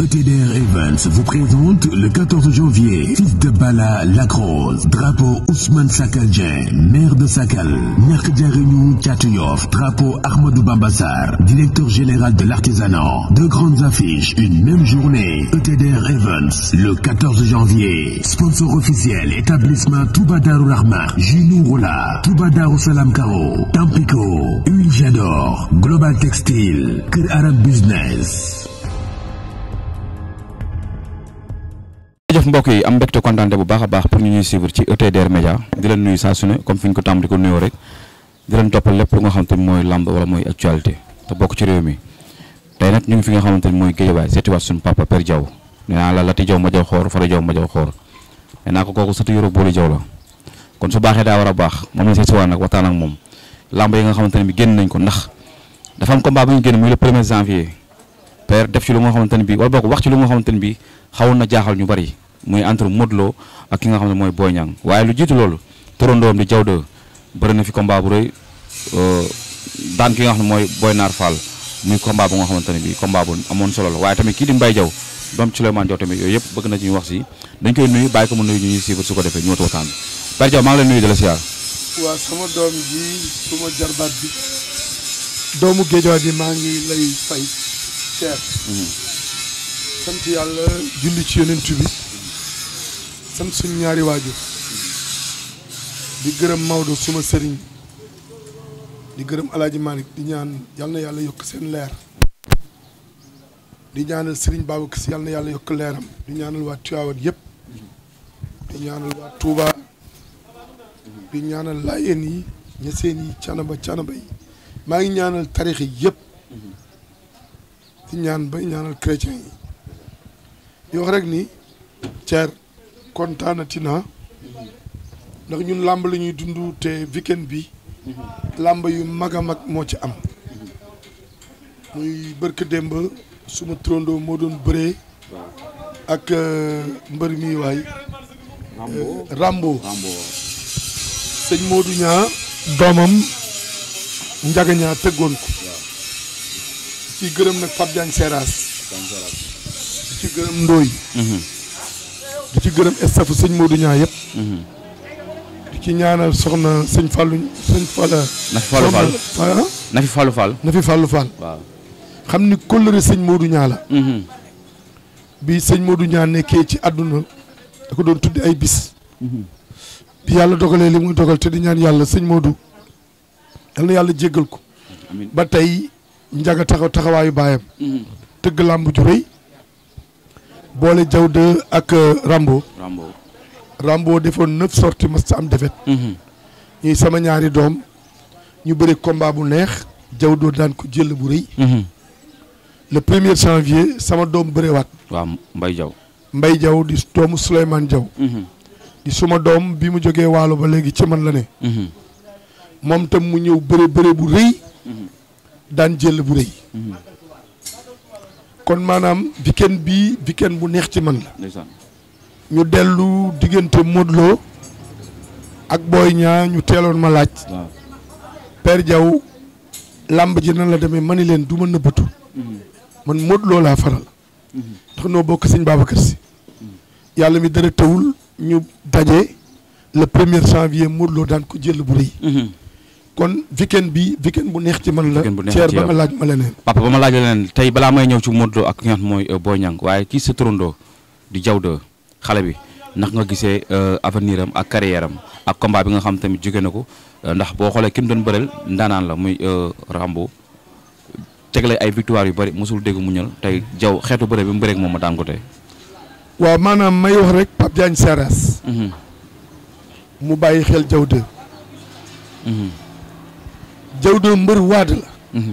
ETDR Events vous présente le 14 janvier, fils de Bala Lacrosse, drapeau Ousmane Sakaljen, maire de Sakal, Réunion Tchatouyov, drapeau Ahmadou Bambassar, directeur général de l'artisanat. Deux grandes affiches, une même journée, ETDR Events, le 14 janvier, sponsor officiel, établissement Toubadar Rahmar, Junou Rola, Toubadar Salam Karo, Tampico, Huile Global Textile, Kir Arab Business. jërëjëf mbokk yi am mbégte kontaante bu baax a baax pour ñu ñuy suivre ci ETDR Média di leen nuyu saa comme fi ñu ko tàmbali ko nuyoo rek di leen toppal lépp lu nga xamante ni mooy làmb wala mooy actualité te papa Père Diaw nee la lati Diaw ma jaw xoor fara Diaw ma jaw xoor nee ko kooku sëtu Yoro Boly Diaw la kon su baaxee daa war a baax moom la seetiwaat nag waxtaan ak moom làmb yi nga xamante bi génn nañ ko ndax dafa am combat bu xawoon na jaaxal ñu bari muy entre Modou Lo ak ki nga xam ne mooy Boy Niang waaye lu jiitu loolu turandoom di Jaw 2 na fi combat bu rëy euh, daan ki nga xam ne mooy Boy Naar Fall muy combat bu nga xamante ne bii combat amoon solo la waaye tamit kii di Mbaye Jaw doom Souleymane Jaw tamit yooyu yëpp bëgg na ci ñu wax si dañ koy nuyu bàyyi ko mu nuyu ñu su ko defee ñu wat waxtaan bi Père Jaw maa ngi leen nuyu de la siyaar waaw sama doom ji suma jarbaat bi doomu ngi lay fay Cheikh mm-hmm. sant yàlla julli ci yonent bi sant suñ ñaari waajur di gërëm Maodo suma sëriñ di gërëm Alaaji Malick di ñaan yàlla yàlla yokk seen leer di ñaanal sëriñ Babacar Si yàlla yàlla yokk leeram di ñaanal waa Tivaouane yëpp di ñaanal waa Touba di ñaanal Layeen yi ñaseen yi canaba canaba yi maa ngi ñaanal tarix yi yëpp di ñaan bay ñaanal chrétien yi di wax rek ni Thierre kontaanati naa ndax ñun làmb la ñuy dund te weekend bi làmb yu mag a mag moo ci am muy bërk démb suma trondoo moo doon bëree ak euh, mbër mi waay Rambo euh, sëñ Modou ñaa doomam njaga ñaa tëggoon ko ci gërëm nag Pape Diagne Seras ci gërëm ndóoy di ci gërëm staff sëñ Modou ñaa yëpp di ci ñaanal soxna sëñ Fallou sëñ Fall na fi Fallou Fall ah? xam ni kóllëre sëñ Modou ñaa la mm-hmm. bi sëñ Modou ñaa nekkee ci àdduna da ko doon tuddi ay bis mm-hmm. bi yàlla dogalee li muy dogal te di ñaan yàlla sëñ Modou yal yàlla jéggal ko ba tey njaga taxaw taxawaayu baayam mm-hmm. tëgg làmb ju boole Jaw 2 ak euh, Rambo. Rambo Rambo defoon neuf sorties mas sa am defet mhm. ñuy sama ñaari doom ñu bëri combat bu neex Jaw 2 daan ko jël bu rëy. Mhm. le premier janvier sama doom bëriwaat. waaw Mbay Jaw Mbay Jaw di doomu Souleymane Jaw mhm. di suma doom bi mu jógee waalo ba léegi ci man la ne. moom tam mu ñëw bëre bëre bu rëy. daan jël bu rëy. kon maanaam weekend bii weekend bu neex ci man la ñu dellu diggante Modou ak Boy Niang ñu teeloon ma laaj Père jaw làmb ji nan la demee ma ni leen du ma nëbbatu mm-hmm. man Modou Lo laa faral mm-hmm. ndax noo bokk sëñ Babacar si mm-hmm. yàlla mi dara ñu daje le premier janvier Modou Lo daan ko jël bu rëy kon weekend bi weekend bu neex ci man la. ceer ba ma laaj ma leneen. papa ba ma laaj leneen tey balaa may ñëw ci Modou Lo ak nga xam mooy euh, Boy Niang waaye kii sa turandoo di Diaw 2 xale bi ndax nga gisee euh, avenir am ak carrière ak combat bi nga xam tamit jóge na ko euh, ndax boo xoolee kenn mu doon bëreel ndaanaan la muy Rambo tegle ay victoire yu bari mësul dégg mu ñël tey Diaw xeetu bëre bi mu bëreeg moom ma daan ko tey. waaw maanaam may wax rek Pape mhm. bàyyi xel Diaw jaw mbër waad la mhm.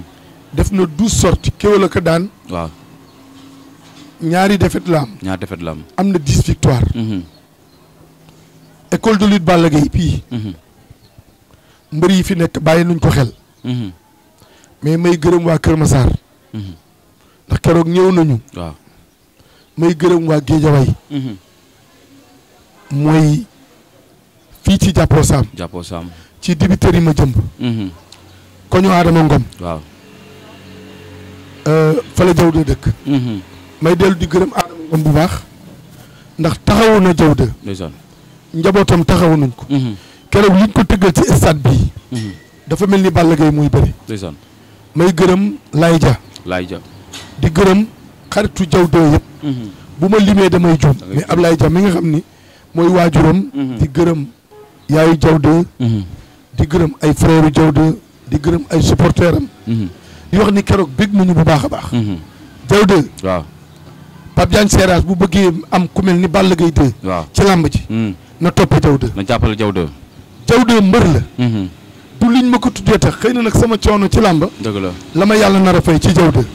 def na douze sorties kéwél a daan waaw ñaari défaite la am ñaari la am am na dix victoire mhm. école de lutte Balla Gaye bii mhm. mbër yi fi nekk bàyyi nuñ ko xel mais may gërëm waa Kër Massar ndax keroog ñëw nañu may gërëm waa Géejawaay mooy fii ci jàppoo saam jàppoo saam ci dibiteri ma jëmb ko ñu Adama Ngom. waaw. Euh, fa la jaww de dëkk. Mhm. may dellu di gërëm Adama Ngom bu baax ndax taxawu na jaww de. njabootam taxawu nañ ko. Mhm. keroog liñ ko tëggal ci stade bii. Mhm. dafa mel ni Balla Gaye muy bëri. may gërëm Laye Dia. Laye di gërëm xaritu jaww de yëpp. bu ma limee damay juum. mais Ablaye Dia mi nga xam ni mooy waajuram. di gërëm yaayu jaww de. di gërëm ay frères jaww di gërëm ay supporteurs am. Mhm. di wax ni keroog bég nañu bu baax a baax. Jaw mhm. 2. waaw Pape Diagne bu bëggee am ku mel ni Balla gay 2. waaw ci làmb ji. Mhm. na topp Jaw 2. na jàppale Jaw 2. la. du liñ ma tuddee tax xëy na nag sama coono ci làmb. dëgg la yàlla nar a fay ci Jaw 2.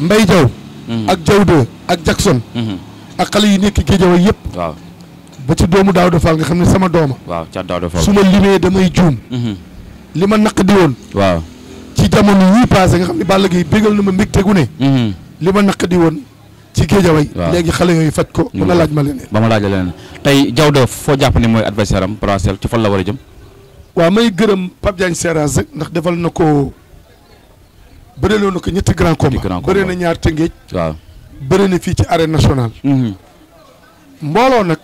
Mbay Jaw. ak Jaw 2 ak Jackson. ak xale yi nekk Géejawaay yëpp. waaw ba ci doomu Daouda Fall nga xam ne sama dooma. waaw ca Daouda Fall limee damay juum. li ma naq di woon. ci jamono yii passé nga xam ne Balla Gaye bégal na ma mbégte gu ne. Mm-hmm. li ma naq di woon ci géejaway. waaw léegi xale yooyu faj ko. ba ma laaj ma leneen. ba ma laaja leneen tey Diawda foo jàpp ne mooy adversaire am Bracel ci fan la war a jëm. waa may gërëm Pape Diagne Seras rek ndax defal na ko bëreeloo na ko ñetti grand combat bëree na ñaar tëngeej. waaw bëree na fii ci arène nationale. Mm-hmm. mbooloo nag.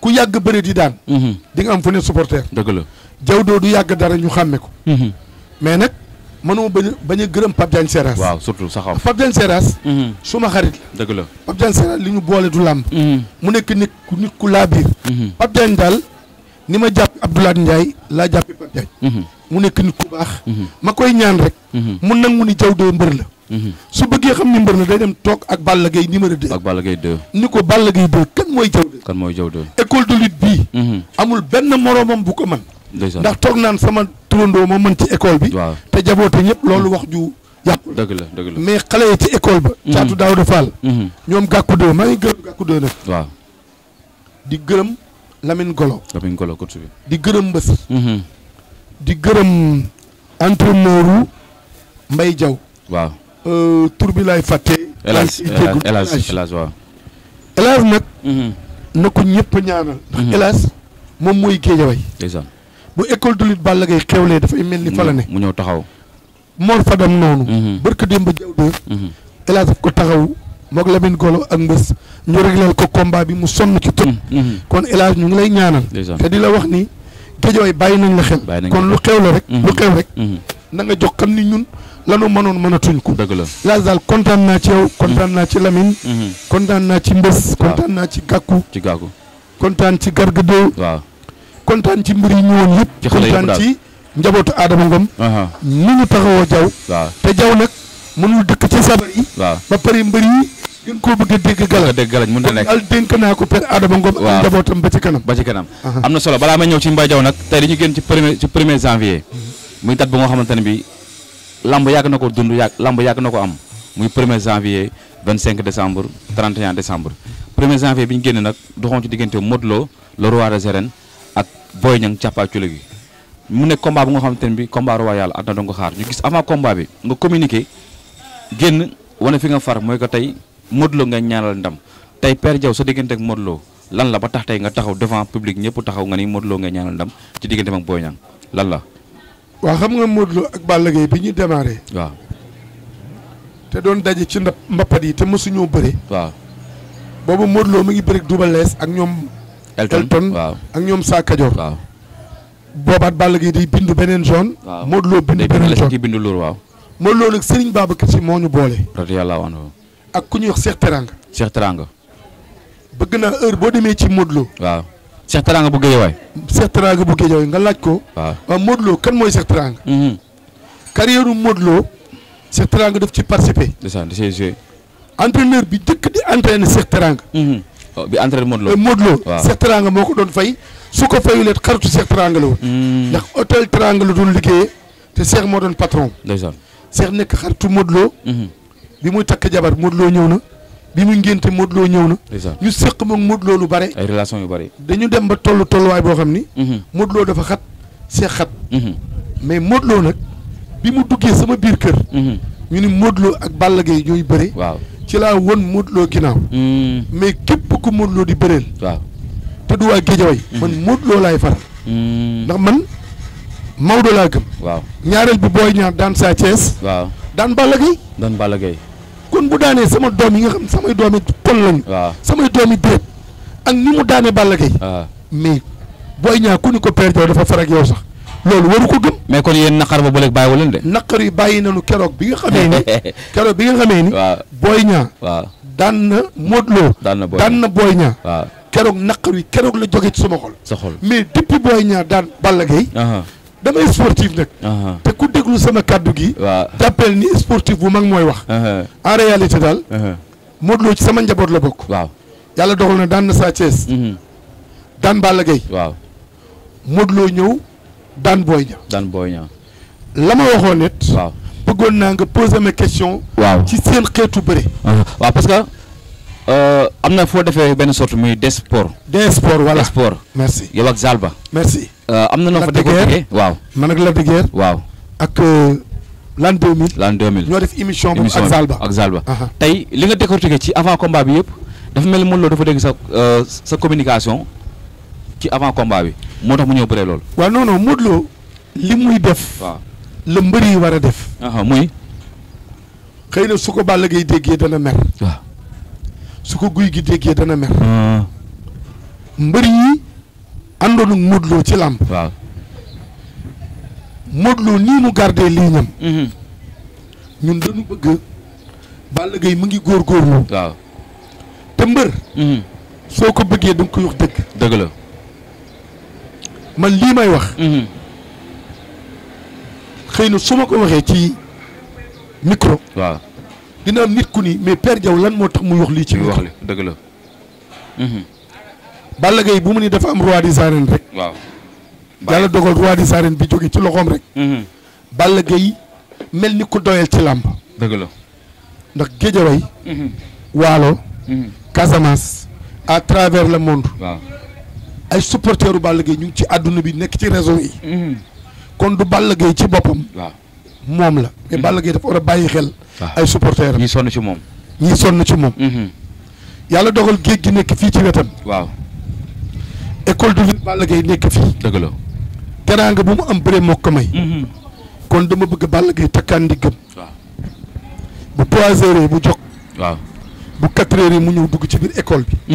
ku yàgg bëri di daan. Mm-hmm. di nga am fu ne supporter. la. jaw doo du yàgg dara ñu xàmme ko. Mhm. mais nag mënuma bañ a bañ a gërëm Pape Diagne Seras. waaw surtout saxam Pape Diagne Seras. Mhm. suma xarit la. dëgg la Pape Diagne li ñu boole du làmb. Mhm. mu nekk nit ku laa biir. Pape daal ni ma jàpp Abdoulaye Ndiaye laa jàppee Pape mu nekk nit ku baax. ma koy ñaan rek. mu nangu ni jaw doo mbër la. su bëggee xam ni mbër la day dem toog ak Balla Gaye numéro 2. ak Balla Gaye 2. ni ko Balla Gaye 2 kan mooy jaw doo. kan de lutte bii. amul benn moromam bu ko man ndax toog naan sama turandoo ma mën ci école bi te jaboote ñëpp loolu wax ju yàqu dëgg la dëgg la mais xale yi ci école ba mm-hmm. caatu daaw de Fall mm-hmm. ñoom gàkku doo maa ngi gërëm gàkku doo nag di gërëm Lamine Golo Lamine Golo coach di gërëm mbës mm-hmm. di gërëm entraîneur Mbay Jaw waaw euh, tur fàtte Elage Elage Elage nag na ko ñëpp ñaanal ndax Elage moom mooy Géejawaay bu école de lutte Balla Gaye xewlee dafay mel ni fa la ne. mu ñëw taxaw. Mor Fadam noonu. Mm-hmm. barke Demba Diaw de. Mm-hmm. El ko taxaw moog Lamine Golo ak Mbës ñu réglal ko combat bi mu sonn ci tëb. Mm-hmm. kon El Hadj ñu ngi lay ñaanal. te di la wax ni géejooy bàyyi nañ la xel. kon lu xew la rek. lu xew rek. na nga jox xam ni ñun lanu mënoon mënatuñ ku dëgg la laas daal kontaan naa ci yow. kontaan naa ci Lamine. kontaan naa ci Mbës. kontaan naa ci Gàkku. ci Gàkku kontaan ci Garga Deux. kontaan ci mbir yi ñëwoon yëpp kontaan ci njabootu aadama ngam ñu ñu taxawoo jaw te jaw nak mënu dëkk ci sabar yi ba pari mbir yi ñu ko bëgg a dégg galañ dégg galañ mënu na nekk al dénk na ko per aadama ngam ak njabootam ba ci kanam ba ci kanam amna solo bala ma ñëw ci mbay jaw nag tey dañu gën ci premier ci premier janvier mhm. muy tat bu nga xamante bi lamb yag na ko dund yag lamb yag na ko am muy premier janvier 25 décembre 31 décembre premier janvier biñu ñu nak doxon ci digënté modlo le roi de arènes ak boy ñang ciapacule gi mu ne combat bu nga xamanteni bi combat royal na do nga xaar ñu gis avant combat bi nga communiquer genn wone fi nga far moy ko tay modlo nga ñaanal ndam tay père jaw sa digënté ak modlo lan la ba tax tay nga taxaw devant public ñepp taxaw nga ni modlo nga ñaanal ndam ci digënté ak boy ñang lan la wa xam nga modlo ak ballagay bi ñu démarré wa té doon dajé ci mbapat yi té mësu ñoo bëré wa bobu modlo mi ngi double les ak ñom Elton waaw ak ñoom Sa Kajoor. waaw boobaat Balla Gaye di bindu beneen zone. waaw Modou Lo bindu beneen zone bindu loolu waaw. Modou Lo nag Serigne Babacar Sy moo ñu boole. radiyallahu anhu ak ku ñuy wax seex Teranga. seex Teranga. bëgg naa heure boo demee ci Modou Lo. waaw Cheikh Teranga bu Guédiawaye. bu Guédiawaye nga laaj ko. waaw waaw Modou kan mooy Cheikh Teranga. Mhm. carrière u Modou Lo. def ci participer. ndeysaan da bi njëkk di entraîner Cheikh Teranga. Mhm. Oh, bi entraîné Modou Lo eh, Modou Lo Cheikh Teranga moo ko doon fay su ko fayulee xaritu Cheikh Teranga la woon hmm. ndax hôtel Teranga la doon liggéeyee te Cheikh moo doon patron ndeysaan Cheikh nekk xaritu Modou hmm. bi muy takk jabar Modou Lo ñëw na bi muy ngénte Modou ñëw na ñu séq moom Modou Lo lu bare ay relation yu bare dañu dem ba tollu tolluwaay boo xam ni hmm. Modou Lo dafa xat Cheikh xat mais Modou Lo nag bi mu duggee sama biir kër ñu ni Modou ak Balla Gaye ñooy bëre ci laa won Modou Lo ginnaaw. Hmm. mais képp ku Modou di bëreel. te du waa Géejawaay. Hmm. man Modou laay faral. Hmm. ndax man Maodo laa gëm. waaw ñaareel bi booy ñaar daan saa Thiès. waaw daan Balla Gaye. kon bu daanee sama doom yi nga xam samay doom yi lañu. samay doom yi ak ni mu daanee Balla Gaye. mais booy ñaar ku ni ko père Diaw dafa far yow sax. loolu waru ko gëm. mais kon yéen naqar ba bëleeg bàyyi wu leen de. naqar yi bàyyi nañu keroog bi nga xamee ni keroog bi nga xamee ni. waaw booy ñaa. waaw daan na Modou Lo. daan na booy ñaa na booy ñaa. waaw keroog naqar yi keroog la jóge ci sama xol. sa xol mais depuis booy ñaa daan Balla Gaye. damay sportif nag. te ku déglu sama kàddu gi. waaw jàppeel ni sportif bu mag mooy wax. en réalité daal. Modou Lo ci sama njaboot la bokk. waaw yàlla dogal na daan na Sa Thiès. Mhm. daan Balla Gaye. waaw ñëw. Dan Boy Dan daan Boy Niang. la ma waxoon nit. waaw bëggoon naa nga poser ma question. waaw ci seen xeetu bëri. Ah, waaw parce que euh, na foo defee benn sorte muy des sport. des sport voilà des sport. merci yow ak Zalba. merci. Euh, na noo fa déggee waaw. man ak Lac de Guiers. waaw ak. Euh, l'an 2000 l'an 2000 ñoo def émission bi ak Zalba ak Zalba. tey li nga décortiqué ci avant combat bi yëpp dafa mel ni Modou Lo dafa dégg sa euh, sa communication ci avant combat bi. moo tax mu ñëw bëree loolu. waaw non non li muy def. waaw la mbër yi war a def. muy. xëy na su ko Balla Gaye déggee dana mer. su ko guy gi déggee dana mer. mbër yi àndoon ak Modou ci làmb. waaw nii mu gardé lii ñam. Mhm. ñun dañu bëgg. Balla Gaye mu ngi góor waaw te mbër. Mhm. soo ko bëggee da nga koy dëgg. man lii may wax. Mhm. xëy na su ma ko waxee ci micro. waaw dina am nit ku ni mais Père Diaw lan moo tax mu wax lii ci. wax li dëgg la. Mhm. Balla bu mu ni dafa am roi des arènes rek. waaw. dogal roi des arènes bi jóge ci loxoom rek. Mhm. Balla Gaye mel ni ku doyal ci làmb. dëgg ndax Géejawaay. Waalo. Casamance à travers le monde. ay supporteru Balla Gaye ñu ngi ci àdduna bi nekk ci réseau yi. Mhm. kon du Balla Gaye ci boppam. waaw moom la. mais mhm. Balla Gaye dafa war a bàyyi xel. ay supporteram ñii sonn ci moom. ñii sonn ci moom. Mhm. yàlla dogal géej gi nekk fii ci wetam. waaw école de lutte Balla nekk fii. dëgg la teraanga bu mu am bëree moo may. kon dama bëgg Balla Gaye takkaan ndiggam. waaw bu trois heures bu jog bu quatre yi mu ñëw dugg ci biir école bi.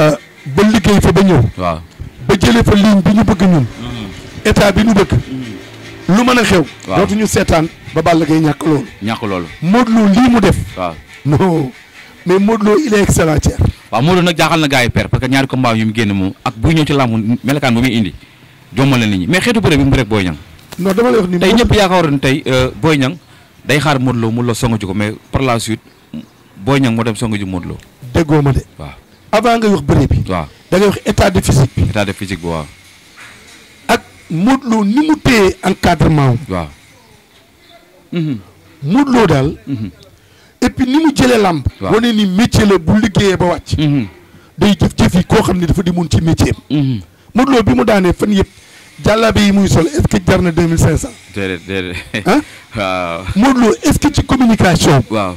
Euh, ba liggéey fa ba ñëw. waaw ba jëlee fa ligne bi ñu bëgg ñun. Mm-hmm. état bi ñu bëgg. Mm-hmm. lu mën a xew. waaw dootuñu seetaan ba Balla Gaye ñàkk loolu. ñàkk loolu. Modou Lo mu def. waaw non mais Modou il est excellent tiers. waaw Modou Lo jaaxal na gars père parce que ñaari combat yu génn moom ak buy ñëw ci làmb melakaan bu muy indi jommal na nit ñi mais xeetu bëre bi mu rek Boy Niang. non dama lay wax ni tey ñëpp yaakaaroon tey euh, Boy Niang day xaar Modou mu la songu ji ko mais par la suite Boy Niang mo dem songu ji Modou Lo. de waaw. avant ngay wax bëre bi. waaw da ngay wax état de physique bi. état de physique bi waaw. ak Modou ni mu téye encadrement wu. waaw. Mhm. Modou daal. Mhm. et ni mu jëlee làmb. wane ni métier la bu liggéeyee ba wàcc. Mhm. day jëf jëf yi koo xam ne dafa di mun ci métier am. bi mu daanee fan yëpp jàllaabe yi muy sol est-ce que jar na deux mille cinq cent. déedéet déedéet. ah waaw. Modou Lo est-ce que ci communication. waaw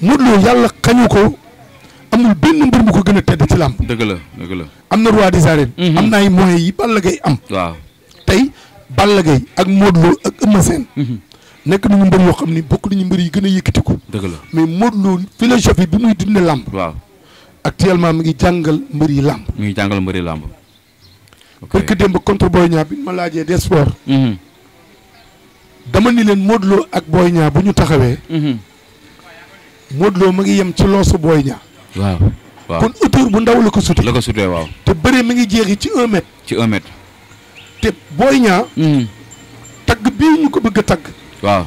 Modou Lo yàlla xañu ko. amul benn mbër bu ko gën a tedd ci làmb. dëgg la dëgg la. am na roi des arènes. Mhm. am na ay moyens yi Balla Gaye am. waaw tey Balla Gaye ak Modou Lo ak Eumeu Sène. Mhm. nekk nañu mbër yoo xam ni bokk ñu mbër yi gën a yëkkati ko. dëgg la mais Modou Lo philosophie bi muy dundee actuellement mi ngi jàngal mbër yi làmb. mi ngi jàngal mbër yi làmb. ok parce que ma laajee des mhm. ni leen Modou Lo ak Boy Niang bu ñu taxawee. Modou Lo ma ngi yem ci loosu Boy Niang. waaw waaw kon bu ndaw la ko sutee. la ko sutee waaw. te bëree mu ngi jeexi ci un ci un te booy ñaa. Hmm. tagg bii ñu ko bëgg a tagg. waaw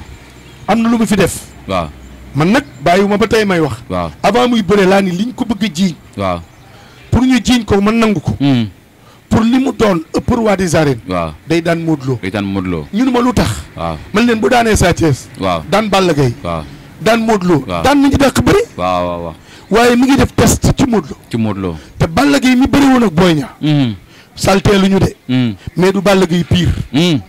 am na lu mu fi def. waaw man nag bàyyiwuma ba tey may wax. waaw avant muy bëre laa ni liñ ko bëgg a jiiñ. waaw pour ñu jiiñ ko man nangu ko. Hmm. pour li mu doon ëpp roi des arènes. waaw day daan Modou Lo. daan Modou Lo. ñu ne ma tax. waaw man leen bu daanee Sa waaw daan Balla Gaye. waaw daan Modou Lo. waaw waaye mi ngi def test ci Modou ci Modou te Balla Gaye mi bëri woon ak Boy Niang. Mm-hmm. saltee lu ñu de. Mm-hmm. mais du Balla Gaye pire. Mm-hmm.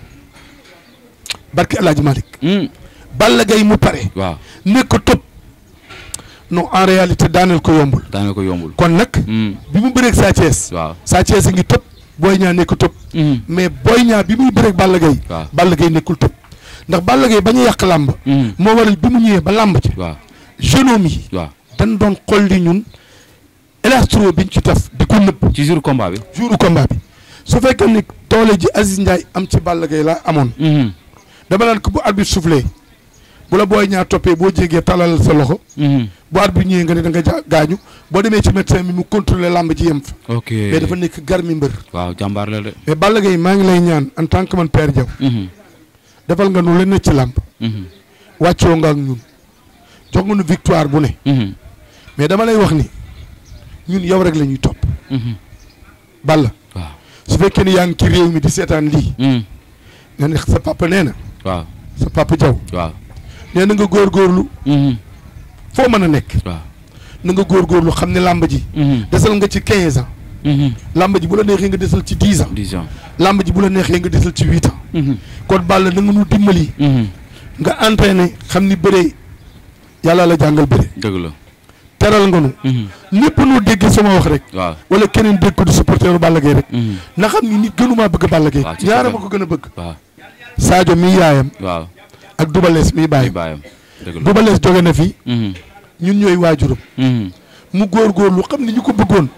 barke El Hadj Malick. Balla Gaye mu pare. waaw nekk ko topp. non en réalité daaneel ko yombul. daaneel ko yombul kon nag. bi mu bëreeg Sa Thiès. waaw Sa Thiès a ngi topp Boy ñaa nekk topp. mais Boy Niang bi muy bëreeg Balla Gaye. waaw Balla Gaye nekkul topp. ndax Balla gay ba ñu yàq làmb. moo waral bi mu ñëwee ba làmb ci. genome yi. dañ doon xolli ñun élastro biñ ci def di ko nëbb. ci jour combat bi. jour combat bi su fekkee ni doole ji Aziz Ndiaye am ci Balla Gaye laa amoon. Mhm. dama naan ko bu arbitre soufflé bu la booy ñaar toppee boo jégee talal sa loxo. Mhm. bu arbitre ñëwee nga ne da nga ja gaañu boo demee ci médecin bi mu contrôler làmb ji yem fa. ok dafa nekk garmi mbër. waaw jàmbaar la de. mais Balla Gaye maa ngi lay ñaan en tant que man père Diaw. Mhm. defal nga nu lenn ci làmb. wàccoo nga ak ñun jox bu ne. mais dama lay wax ni ñun yow rek la ñuy topp. Mhm. Balla. waaw su fekkee ni yaa ngi ci réew mi di seetaan lii. Mhm. nga ne sa papa nee na. waaw sa papa Diaw. waaw nga góor nga góorgóorlu. Mhm. foo mën a nekk. waaw na nga góorgóorlu xam ne làmb ji. desal nga ci quinze ans. làmb ji bu la neexee nga desal ci dix ans. dix ans làmb ji bu la neexee nga desal ci huit ans. kon Balla na nga nu dimbali. nga entraîné xam ni bëree yàlla la jàngal bëri. la. teral nga nu mhm. lépp noo déggee sama wax rek wala keneen dégg ko di supporteru Balla Gaye rek mhm. na xam ni nit gënumaa bëgg Balla Gaye ñaara ma gën a bëgg Sadio mi yaayam waaw ak Dubalees mi baayam Dubalees jóge na fi mhm. ñun ñooy waajuram mu góor góor lu xam ne ñu ko bëggoon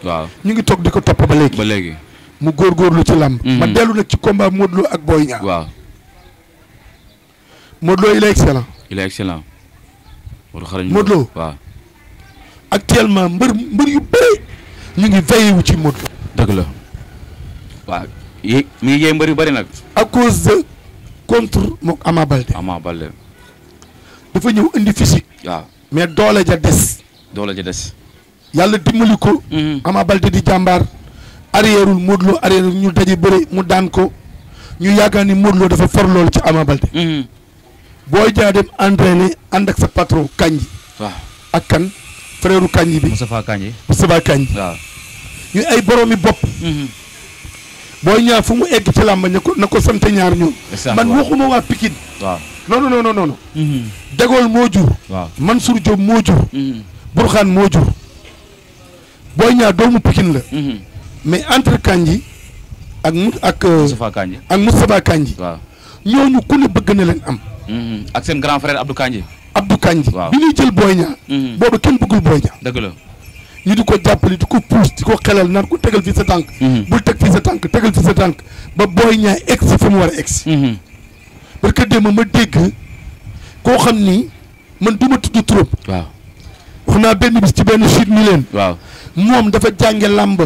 ñu ngi toog di ko topp ba léegi ba léegi mu lu ci làmb ma dellu nag ci combat Modou Lo ak Boy Niang waaw Modou Lo excellent il actuellement mbër mbër yu bëri ñu ngi veillé ci Modou dëgg la waaw yi mi ngi yee mbër yu bari nag. à cause de contre mook Ama Balde. dafa ñëw indi physique. waaw mais doole ja des. doole ja des. yàlla dimbali ko. Mm-hmm. Ama di jàmbaar. arrièreul Modou Lo arrière ñu daje bëri mu daan ko ñu yaakaar ni Modou dafa for lool ci Ama Balde. Mm-hmm. booy jaa dem entraîné ànd ak sa patron kañ. waaw ak frère Kandji bi Moustapha Kandji Moustapha Kandji waaw ñu ay boroomi bopp mm-hmm. booy ñaar fu mu egg ci làmb na ko na sant ñaar ñoom man waxuma waa Pikine waaw non non non non mm-hmm. Dégol moo jur waaw Mansour moo jur mm-hmm. Bourkhane moo jur booy ñaar doomu Pikine la mais entre Kandji ak ak euh, Moustapha Kandji ak Moustapha Kandji waaw ku ne bëgg na leen am ak seen grand frère Abdou Kandji kànji bi ñuy jël booy ñaa mm-hmm. boobu kenn bëggul booy ñaa dëgg ñu di ko jàppale di ko puus di ko xelal naan ko tegal fii sa tànk mm-hmm. bul teg fii sa tànk tegal fii sa tànk ba booy ñaa egsi fi mu war a egsi mm-hmm. parce démb ma dégg koo xam ni man du ma tudd trop wax naa benn bis ci benn chute mi leen waaw moom dafa jànge làmb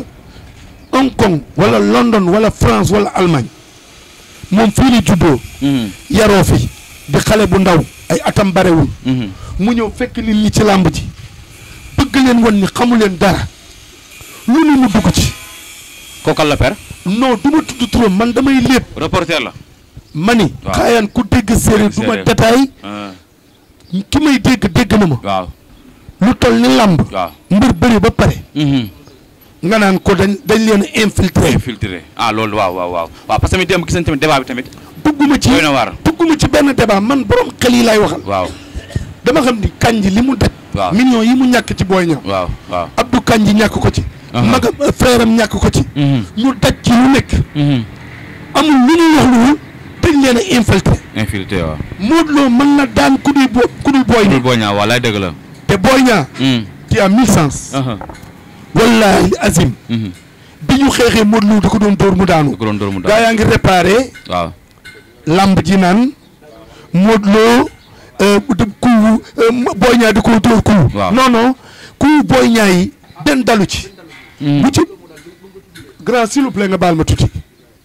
Hong Kong wala London wala France wala Allemagne moom fii la juddoo yaroo fi di xale bu ndaw ay atam barewul mhm. mu ñëw fekk nit ñi ci làmb ji bëgg leen woon ni xamu leen dara lu ne mu dugg ci kookal la tudd turam man damay léeb reporter la ma ni xaayaan ku dégg séeréer du ma ah. ki may dégg dégg na ma waaw lu toll ni làmb mbir bëri ba pare mhm. nga naan ko dañ dañ leen infiltré infiltré ah loolu waaw waaw waaw waaw parce que mi démb tamit débat ci doy na nekkuma ci ben débat man borom xali lay waxal. waaw dama xam ni kanji limu mu def. waaw yi mu ñak ci Boy ñam waaw waaw Abdou kanji ñak ko ci. Uh-huh. magam euh, frère am ñàkk ko ci. Mm-hmm. mu daj ci lu nek mm-hmm. amul lu ñu wax lu dañ leena infiltrer infiltrer waaw. modlo man na daan ku duy bo ku duy Boy ñu boy ñaa wa lay walaay la. te Boy ñaa ci am mille sens. Uh-huh. wallahi azim. Mm-hmm. biñu xexé modlo Modou da ko doon dóor mu daanu. da ko doon dóor waaw. lamb ji naan Modou Lo euh, ku euh, Boy Niang di ko dóor ku non non ku Boy Niang benn dalu ci bu hmm. ci grand s'il vous plaît nga baal ma tuuti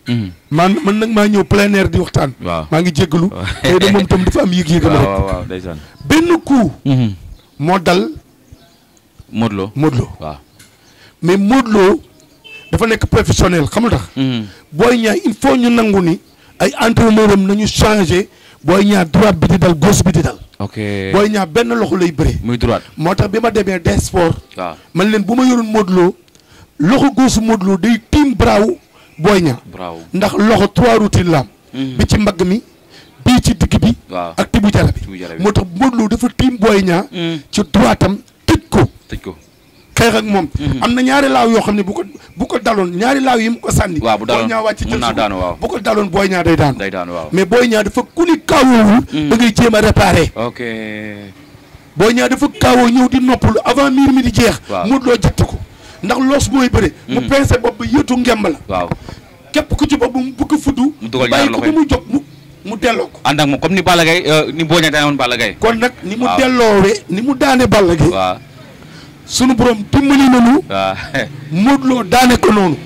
hmm. man man nag maa ñëw plein air di waxtaan maa ngi jéggalu tey de moom tam dafa am yëg-yëg ma rek benn coup hmm. moo dal Modou Lo mais Modou dafa nekk professionnel xamul tax Boy Niang il faut ñu nangu ni ay entraîneur am nañu changé booy ñaar droite bi di dal gauche bi di dal. ok ñaar benn loxo lay bëree. muy moo tax bi ma demee des sport. waaw ah. man leen bu ma yoroon Modou loxo gauche Modou Lo day tiim braaw booy ñaar. braaw ndax loxo trois routes la mhm. bi ci mbagg mi bii ci digg bi. ak tibu jara bi moo tax Modou Lo dafa tiim booy ñaar. Mhm. ci droitam tëj ko tëj ko. xeex ak moom mhm. am na ñaari laaw yoo xam ne bu ko bu ko daloon ñaari laaw yi mu ko sànni booy ñaa wàcc jël bu ko daloon booy ñaa day daanu mais booy ñaa dafa ku ni kaawul mhm. da ngay jéem a réparé ok booy ñaa kaawoo ñëw di noppalu avant miir mi di jeex Modou Lo jëtt ko ndax loos mooy bëre mu mhm. pincé bopp ba yëtu ngemb la képp ku ci bopp mu bëgg fuddu bàyyi ko mu jóg mu mu delloo ko ànd ak moom comme ni Balla Gaye euh, ni booña daanoon Balla Gaye kon nag ni mu delloowee ni mu daane Balla Gaye sunu borom dimbali nañu. waaw ah. Modou Lo daane ko noonu.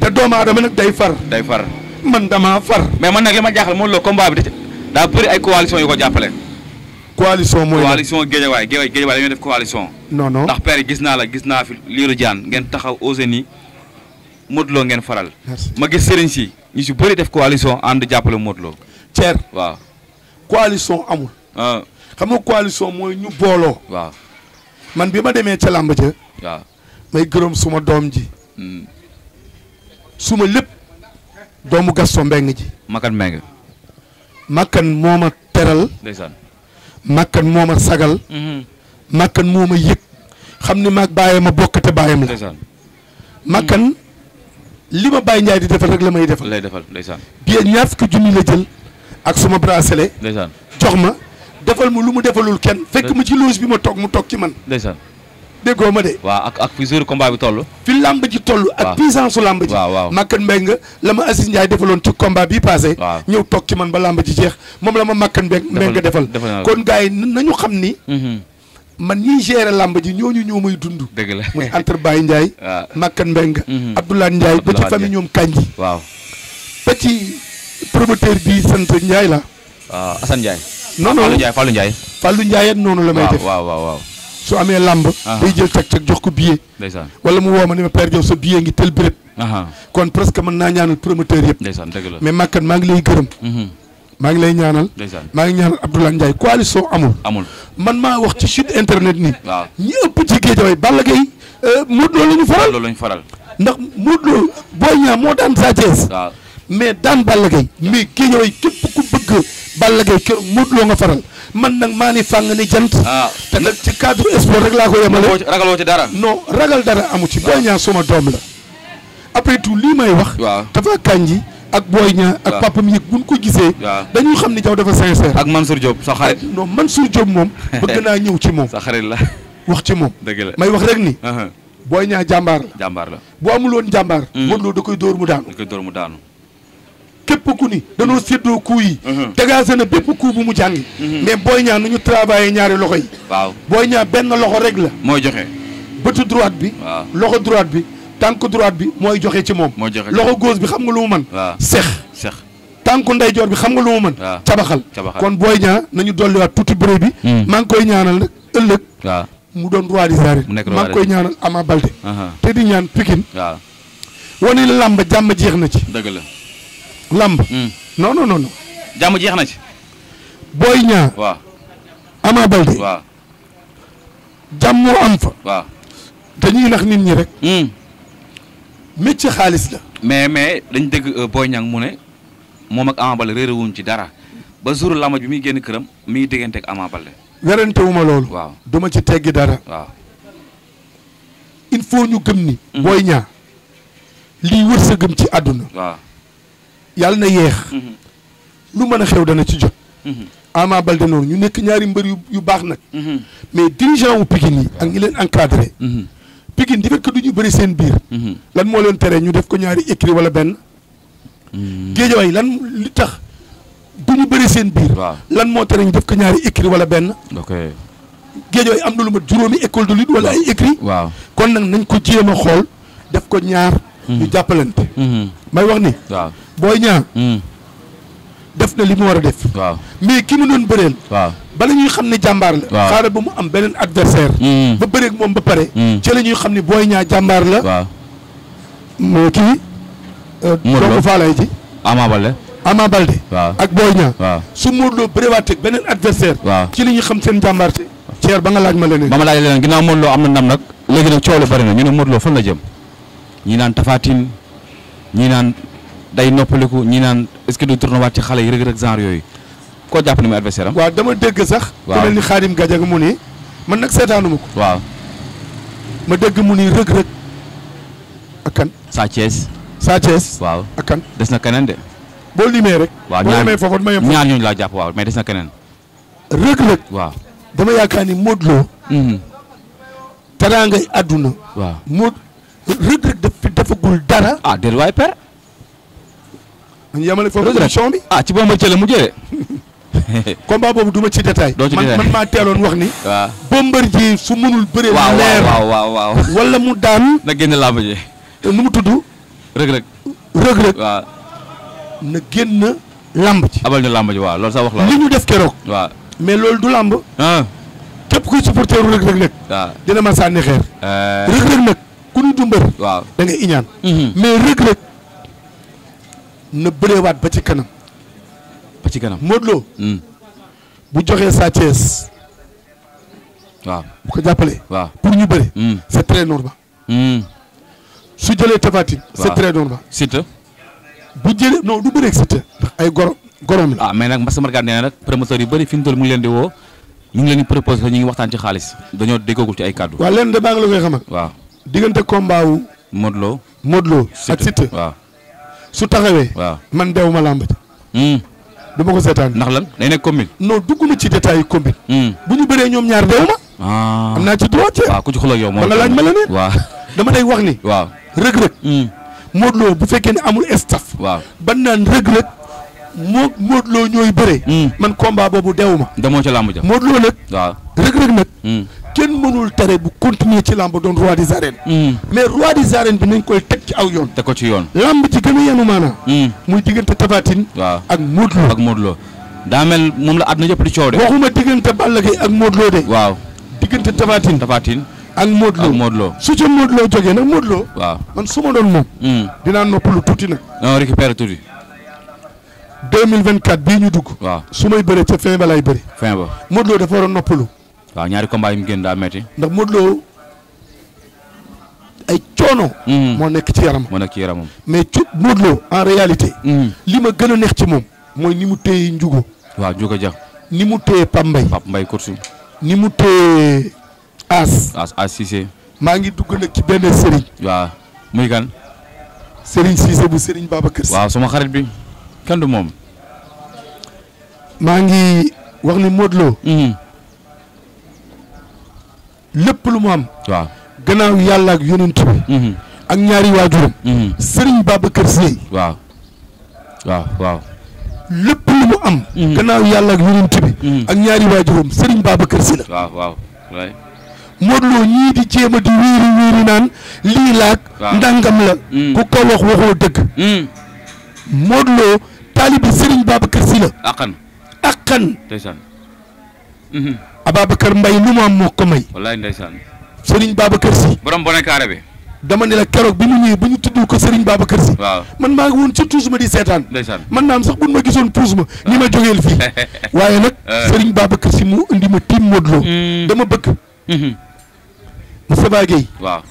te doomu aadama nag day far. day far man damaa far. mais man nag li ma jaaxal Modou Lo combat bi daa bëri ay coalition yu ko jàppale. coalition mooy coalition Géejawaay Géejawaay Géejawaay dañoo def coalition. non non ndax père gis naa la gis naa fi Lirou Diane ngeen taxaw Ousseynie Modou Lo ngeen faral. ma gis sëriñ si ñu si bëri def coalition ànd jàppale Modou Lo. Thier waaw. coalition amul. Ah. xam nga coalition mooy ñu booloo. man bi ma demee ca làmb ja may gërëm suma doom ji hmm. suma lépp doomu Gaston Mbengue ji Makan Mbengue Makan moo teral ndeysaan Makan moo ma sagal hmm. Makan moo ma yëg xam ni maag bàyyam ma bokkate bàyyam la Makan hmm. li ma Baye Ndiaye di defal rek la may defal lay defal ndeysaan bi ñaar fukki la jël ak suma bracelet jox ma defal mu lu mu defalul kenn fekk ma ci loose bi ma toog mu toog ci man ndeysaan déggoo ma de waaw ak ak fi jour combat bi toll fi làmb ji toll ak puissance su làmb ji waaw màkkan mbeng la ma Aziz Ndiaye defaloon ci combat bi passé ñëw toog ci man ba làmb ji jeex moom la ma màkkan mbeng mbeng defal kon gars yi nañu xam ni mm-hmm. man ñiy gérer làmb ji ñooñu ñoo may dund dëgg la muy entre Baye Ndiaye ah. màkkan mbeng mm-hmm. Abdoulaye Ndiaye ba ci famille ñoom Kandji waaw ci promoteur bi sant Ndiaye la waaw ah, non non Fallou Ndiaye Fallou Ndiaye. Fallou noonu la may def waaw waaw waaw. su amee lamb. Ah. day jël cag cag jox ko billet. ndeysaan wala mu woo ma ni ma père Diaw sa billet ngi tel béréb. Ah, ah. kon presque mën naa ñaanal promoteur yëpp. la mais makkat maa ngi lay gërëm. Mhm. maa ngi lay ñaanal. maa ngi ñaanal Abdoulaye Ndiaye coalition amul. amul man maa wax ci site internet nii. waaw ci géejaway Balla Gaye euh, Modou Lo la ñu faral. la ñu faral. ndax Modou Lo Boy Niang moo daan Sa Thiès. mais daan Balla Gaye mais géejaway képp ku bëgg Balla Gaye kër Modou Lo nga faral man nag maa ni fàng ni jant. waaw ah, te nag ci cadre sport rek laa ko yemale. ragaloo ci dara. non ragal dara amu ci. waaw Boy Niang suma doom la. après tout lii may wax. waaw dafa kànji ak booy Niang ak papa mi yëg ko gisee. dañu xam ni jaw dafa sincère. ak Mansour Diop sa xarit. Eh, non Mansour Diop moom. bëgg naa ñëw ci moom. sa xarit la. wax ci moom. la may wax rek ni. Uh-huh. booy Niang jàmbaar la. jàmbaar la bu amul woon jàmbaar. Mm. Modou Lo da koy dóor mu daanu. mu daanu. képp ku ni danoo séddoo coup yi mhm. dégagé na bépp coup bu mu jàngi mhm. mais booy ñaa nañu ñu travaillé ñaari loxo yi waaw booy ñaa benn loxo rek la mooy joxe bëtu droite bi loxo droite bi tànk droite bi mooy joxe ci moom loxo gauche bi xam nga lu mu man seex seex tànk ndeyjoor bi xam nga lu mu mën cabaxal kon booy ñaa nañu dolliwaat tuuti bëre bi hmm. maa ngi koy ñaanal nag ëllëg mu doon roi des arènes maa ngi koy ñaanal Ama Baldé te di ñaan Pikine waaw wane làmb jàmm jeex na ci dëgg la lamb hmm. non non non non. jàmm jeex na ci. Boy ñaa waaw de Baldé. waaw jàmm am fa. dañuy nax nit ñi rek. Hmm. métier xaalis la. mais mais dañ dégg euh, Boy Niang mu ne moom ak Ama Baldé réeré ci dara ba jour lamb bi muy génn këram mi ngi déggante ak Ama Baldé. werante loolu. waaw du ma ci teggi dara. waaw il faut ñu gëm ni. Hmm. Boy Niang liy wërsëgëm ci àdduna. waaw. yàlla na yeex mm-hmm. lu mën a xew dana ci jot mm-hmm. Ama Baldé noonu ñu nekk ñaari mbër yu yu baax nag mm-hmm. mais dirigeant wu Pikine yi ak ñi leen encadré Pikine di fekk du ñu bëri seen biir lan moo leen tere ñu def ko ñaari écrit wala benn géejawaay lan tax du ñu bëri seen biir lan moo tere def ko ñaari écrit wala benn géejawaay am na lu ma juróomi école de lutte wala ay écrit waaw kon nag nañ ko jéem a xool def ko ñaar ñu jàppalante may wax ni waaw Boy Niang. Hmm. def na li mu war a def. waaw mais ki mu doon bëreel. waaw bala ñuy xam ne jàmbaar la. waaw xaaral ba mu am beneen adversaire. Hmm. ba bëreeg moom ba pare. Hmm. ci la ñuy xam ne booy ñaa jàmbaar la. waaw moo kii. Euh, doomu Faalaay ji. Ama Balde. Ama Balde. waaw ak Boy Niang. waaw su Modou Lo bëreewaatee beneen adversaire. waaw ci la ñuy xam seen jàmbaarte. Thierre ba nga laaj ma leneen. ba ma laaj leneen ginnaaw Modou Lo am na ndam nag. léegi nag coow lu bari na ñu ne Modou Lo fan jëm. ñii naan Tapha Tine ñii naan. day noppaliku ñi naan est-ce que du tournoi waat ci xale yi rëg-rëg genre yooyu koo jàpp ni muy dama dégg sax ku mel ni Xaadim Gajaga mu ni man nag seetaanuma ko waaw ma dégg mu ni rëg-rëg ak kan Sa Thiès waaw ak kan des na keneen de boo limee rek waaw boo limee foofu ma yem ñaar ñooñu laa jàpp waaw mais des na keneen rëg-rëg dama yaakaar ni Modou Lo mm-hmm. teraangay àdduna waaw rëg-rëg daf fi dara ah del waay père yemale foofu émission bi ah ci Bombardier la mujjee de. combat boobu duma ma ci détail. doo ci détail man maa teeloon wax ni. waaw Bombardier su mënul bëree. waaw waaw waaw waaw leer wala mu daan. na génne làmb ji. nu mu tudd. Reug Reug. Reug Reug. waaw na génn làmb ji. abal na làmb ji waaw loolu sa wax la li ñu def keroog. waaw mais loolu du làmb. Ah. képp kuy supporter Reug Reug dina ma sànni xeer. Eh. Reug Reug nag ku ñu du mbër. waaw iñaan. Mhm. mais Reug Reug. na bëreewaat ba ci kanam. ba ci kanam Modou hmm. bu joxee Sa Thiès. waaw bu ko jàppalee. pour ñu bëri. Hmm. c' est très ba hmm. su jëlee Tapha Tine. waaw c' ba très normal. Siteu. bu jëlee non du bëreeg Siteu. ndax ay goro gorom la. ah mais nag Massa Margane nee na nag promoteur yu bëri fi mu toll mu leen di woo ñu ngi leen di proposé ñu ngi waxtaan ci xaalis. dañoo déggoogul ci ay kàddu. waaw lenn de baa ngi la koy xamal. waaw diggante combat wu. Modou Lo. Modou Lo ak Siteu su taxawee. waaw man deewuma làmb ji. Hmm. du ma ko seetaan. ndax lan day nekk combine. non ma ci détail yi hmm. bu ñu bëree ñoom ñaar deewuma. Ah. am naa ci droit ci. waaw ku ci xuloo yow moom la laaj ma la dama day wax ni. waaw Reug Reug. Hmm. Modou bu fekkee ne amul staff. waaw ban naan Reug Reug moo Modou Lo ñooy bëree. man combat boobu deewuma. damoo ca làmb ja Modou loo nag. waaw Reug Reug nag. kenn mënul tere bu continuer ci làmb doon roi des arènes hmm. mais roi des arènes bi nañ koy teg ci aw yoon teg ko ci yoon làmb ci gën a yenu maana hmm. muy diggante Tapha Tine waaw ak Modou Lo ak Modou Lo daa mel moom la àdduna yëpp di coow de waxuma diggante Balla Gaye ak Modou Lo de waaw diggante Tapha Tine Tapha Tine ak Modou Lo ak su ca Modou Lo jógee nag Modou Lo waaw man su ma doon moom hmm. dinaa noppalu tuuti nag non récupéré tuuti 2024 bii ñu dugg waaw su may bëre ca fin ba fen bëri fin ba Modou Lo dafa war waaw ñaari combat yi mu génn daa metti ndax Modou Lo ay coono. Mm-hmm. moo nekk ci yaramam moo nekk ci yaramam. mais ci en réalité. Mm-hmm. li ma gën a neex ci moom. mooy ni mu téye njugo waaw Ndiougo Dia. ni mu téye Pape Mbaye. Pape Mbaye Koursu. ni mu téye As. As As Cissé. maa ngi dugg nag ci benn Serigne. waaw muy kan. Serigne Cissé bu Serigne Babacar waaw sama xarit bi kenn du moom. maa ngi wax ni Modou lépp lu mu am. waaw gannaaw yàlla ak yonent bi. Mhm. ak ñaari waajuram. Mhm. Serigne Babacar Seye. waaw waaw lu mu am. Mhm. gannaaw yàlla ak ak ñaari waajuram Serigne Babacar Seye la. waaw ñii di jéem a di wiiri wiiri naan lii laag. ndàngam la. ku ko wax waxoo dëgg. Modou taalibi Serigne Babacar Seye la. akkan akkan. Ababacar mbay lu mu am moo ko may. wallaay ndeysaan. Serigne Babacar Sy. dama ne keroog bi mu ñëwee bu ñu tudd ko Serigne Babacar Sy. man maa ngi woon ci tuus ma di seetaan. ndeysaan man naam sax buñ ma gisoon tuus ma. ni ma jógeel waaye nag. Euh. Serigne Babacar Sy mu indi tiim Modou Lo. Hmm. dama bëgg. Hmm. Moustapha Gueye. waaw.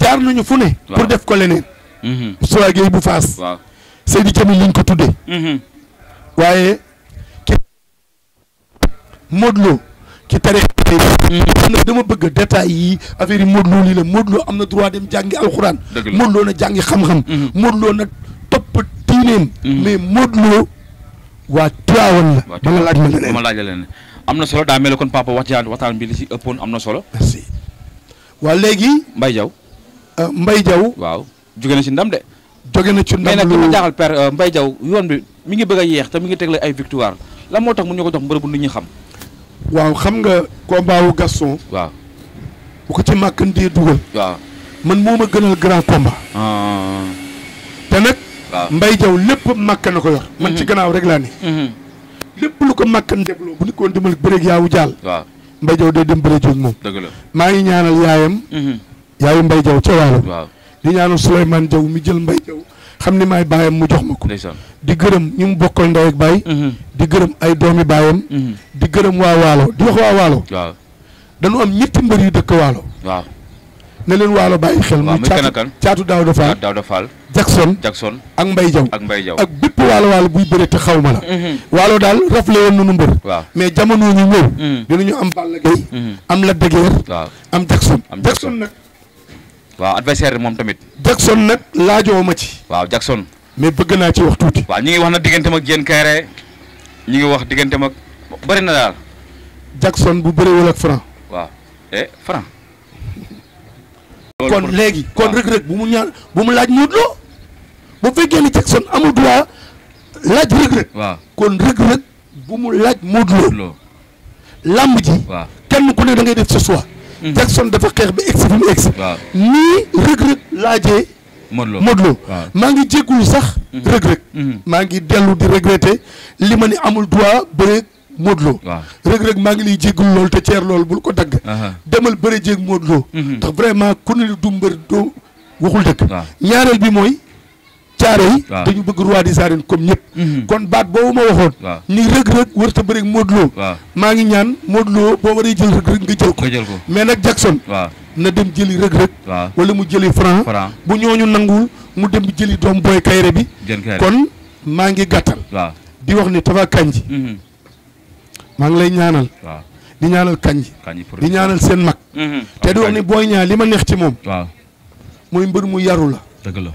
jaar nañu fu ne. pour def ko leneen. Hmm. Moustapha Gueye bu faas. waaw Seydi Camille ko tuddee. waaye. Modou Lo ci tarix mm. dama bëgg détails yi affaire yi Modou Lo lii la Modou am na droit dem jàngi alxuraan Modou Lo na jàngi xam-xam mm-hmm. Modou Lo na topp tiineem mm-hmm. mais Modou waa Tiwaawan la ba nga laaj ma leneen ma laaj leneen am na solo daa mel kon papa waxtaan waxtaan bi li si ëppoon am na solo merci waa léegi Mbaye Diaw euh, waaw jóge na ci ndam de jóge na ci ndam lu mais nag dama jaaxal père euh, Mbaye Diaw yoon bi mi ngi bëgg a yeex te mu ngi teg la ay victoire lan moo tax mu ñu ko jox mbërë bu nit ñi xam waaw xam nga combat wu Gaston. bu ko ci màkkandee dugal. man moo ma gënal grand combat. Ah. te nag. waaw Mbaye Diaw lépp màkk na ko yor. man ci mhm. gannaaw rek laa ne. Mhm. lépp lu ko màkkan dégloo bu nekkoon demal bëreeg yaawu jaal. waaw Mbaye Diaw dem bëre jóg moom. maa ngi ñaanal yaayam. Mhm. yaayu Mbaye Diaw ca Waalo. waaw di ñaanal Souleymane Diaw mi jël Mbaye Diaw. xam ni may baayam mu jox ma ko di gërëm ñu mu bokkal ndey ak baay mm-hmm. di gërëm ay doomi baayam mm-hmm. di gërëm waa waalo di wax waa waalo dañu am ñetti mbër yu dëkk waalo leen waalo bàyyi xel muy caatu caatu Daawda Fall Daawda Fall Jackson Jackson ak Mbaye Jaw ak Mbaye Jaw ak bépp waalo waalo buy bëre te xaw ma la mm-hmm. waalo daal rafle woon nañu mbër mais jamono ñu ñëw dinañu am la Gaye am Lac de am Jackson Jackson nag waaw adversaire moom tamit. Jackson nag laajoo ma ci. waaw Jackson. mais bëgg naa ci wax tuuti. waa ñu ngi wax na digganteem ak Diène Kairé ñu ngi wax diggante mag bëri na daal. Jackson bu bëriwul ak eh, Franc. kon léegi kon Reug Reug bu mu ñaan bu mu laaj Modou fekkee ni Jackson amul droit laaj Reug waaw kon Reug laaj Modou Lo. làmb ji. kenn ku ne da ngay def ce soir. Mhm. Jackson dafa xeex ba egsi fi mu egsi nii rëg-rëg laajee Modou Lo maa ngi jéggul sax mhm. rëg-rëg mhm. maa ngi dellu di regretter li ma ni amul droit bëre Modou Lo rëg-rëg maa ngi liy jéggul loolu te ceer loolu bul ko dagg demal bëre jéeg Modou Lo ndax vraiment ku ne lu du mbër doo waxul dëgg ñaareel bi mooy caaro yi dañu bëgg roi des arènes comme ñëpp mhm. kon baat boobu ma waxoon ni rëg-rëg warta bëri Modou Lo maa ngi ñaan Modou Lo boo waree jël rëg-rëg nga jël ko mais nag Jackson na dem jëli rëg-rëg wala mu jëli franc bu ñooñu nangu mu dem jëli doom boy kayre bi kon maa ngi gàttal di wax ni Tapha Kandji mhm. maa ngi lay ñaanal di ñaanal Kandji di ñaanal seen mag mhm. te di wax ni booy ñaar li ma neex ci moom mooy mbër mu yaru la dëgg la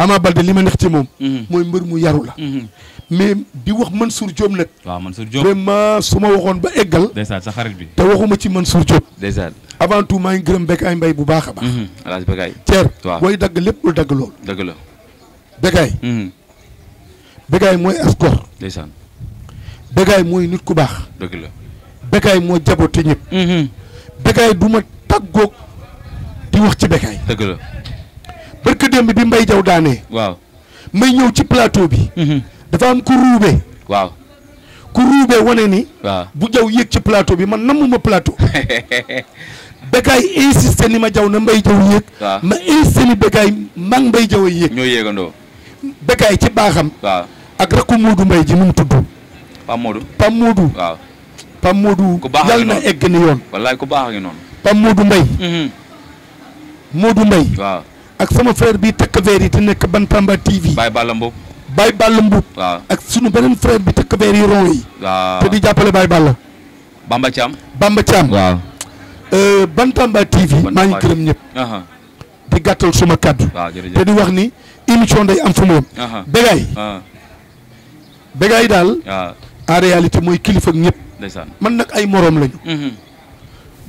Ama Balde li ma neex ci moom. Mhm. mooy mbër mu yaru la. Mhm. mais di wax Mansour Diop nag. waaw Mansour Diop vraiment su ma waxoon ba eggal. ndeysaan sa xarit bi te waxuma ci mën Diop. ndeysaan avant tout maa ngi gërëm Bekay Mbaye bu baax a baax. Mhm. alaaj Bekay. dagg lépp lu dagg loolu. dëgg la Bekay. Bekay mooy asgor. ndeysaan. Bekay mooy nit ku baax. dëgg la. Bekay moo jaboote ñëpp. Bekay du ma tàggoog di wax ci Bekay. barka démb bi Mbaye Diaw daanee. waaw may ñëw ci plateau bi. Mhm. dafa am ku ruube. waaw ku ruube wane ni. bu jaw yéeg ci plateau bi man namuma plateau. Bécaye insisté ni ma jaw na Mbaye Diaw yéeg. ma insisté ni Bécaye maa ngi Mbaye Diaw a yéeg. ñoo ci baaxam. waaw ak rakku Modou Mbaye ji nu tudd. Pam Modou Pam Modou. baax yàlla na egg ni yoon. wallaay ku baax a ngi noonu. Pam Modou Mbaye. Mhm. Modou Mbaye. waaw. ak sama frère bi takk veer yi te nekk Bantamba TV. Baye Balla Mboup. Baye Balla Mboup. waaw ak sunu beneen frère bi takk veer yi rond yi. te di jàppale Baye Balla. Bamba Thiam. Bamba Thiam. waaw. Euh, Bantamba TV. maa ngi gërëm ñëpp. di gàttal suma kàddu. te di wax ni émission day am fu mu yem. Bégaay. daal. en réalité mooy kilifa ak ñëpp. man nag ay moroom lañu. Mhm.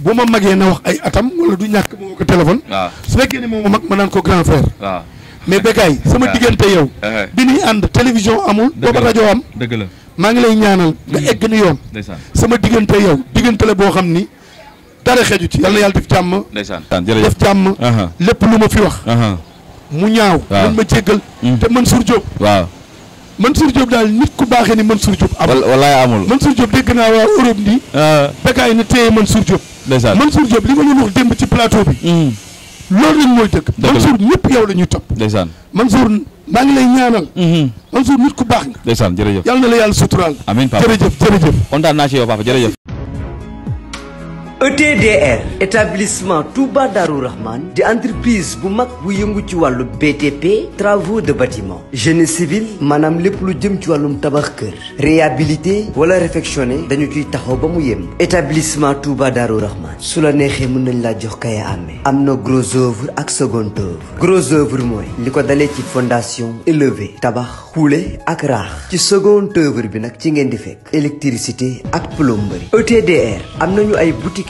boo ma magee na wax ay atam wala du ñàkk ma woo ko téléphone. su fekkee ne moom ma mag ma naan ko grand frère. waaw mais Bécaye sama diggante yow. Eh, eh. bi ñuy ànd télévision amul. booba rajo am dëgg la maa ngi lay ñaanal nga mm. egg ni yoon. sama diggante yow diggante la boo xam ni. dara xeju ci yàlla yàlla def jàmm. ndeysaan def jàmm. Uh-huh. lépp lu ma fi wax. Uh-huh. mu ñaaw. man ma jéggal. Mm. te man Diop. waaw Mansour Diop daal nit ku baaxee ni Mansour Diop amul. wallaay amul Mansour Diop dégg naa waa Europe nii. Uh-huh. Bécaye na téye Mansour ndeysaan Mansour Diop li nga doon wax démb ci plateau bi. Hmm. loolu lañ mooy dëkk. dëgg la Mansour ñëpp yow la ñuy topp. ndeysaan Mansour maa ngi lay ñaanal. Hmm. Mansour nit ku baax yal na la yàlla suturaal. amiin papa jërëjëf kontaan naa ci yow papa jërëjëf. ETDR établissement Touba Darou Rahman di entreprise bu mag bu yëngu ci BTP travaux de bâtiment génie civil manam lépp lu jëm ci wàllum tabax kër réhabilité wala réfectionné dañu ciy taxaw ba mu établissement Touba Darou Rahman su la neexee mën nañ laa jox kaya gros œuvre ak second œuvre gros œuvre moi li ko ci fondation élevé tabakh houle ak raax ci second œuvre bi nag ci di électricité ak plomberie ETDR am nañu ay boutique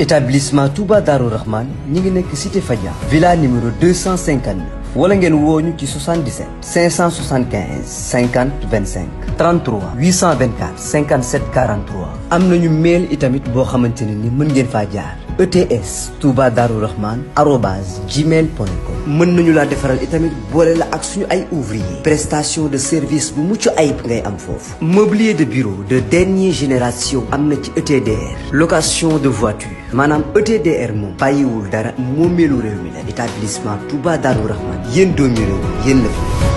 Établissement Touba Darou Rahman ñi cité Fadia villa numéro 250 wala 77 575 50 25 33 824 57 43 am mail itamit boo xamanteni ni ets e touba rahman Arrobase gmail point com mën itamit la ak suñu ouvrier prestation de service bu mucc ayib ngay am mobilier de bureau de dernière génération am ETDR location de voiture maanaam ETDR moom bàyyiwul dara moomeelu réew mi la établissement Touba Darou Rahman yéen doomi réew yéen la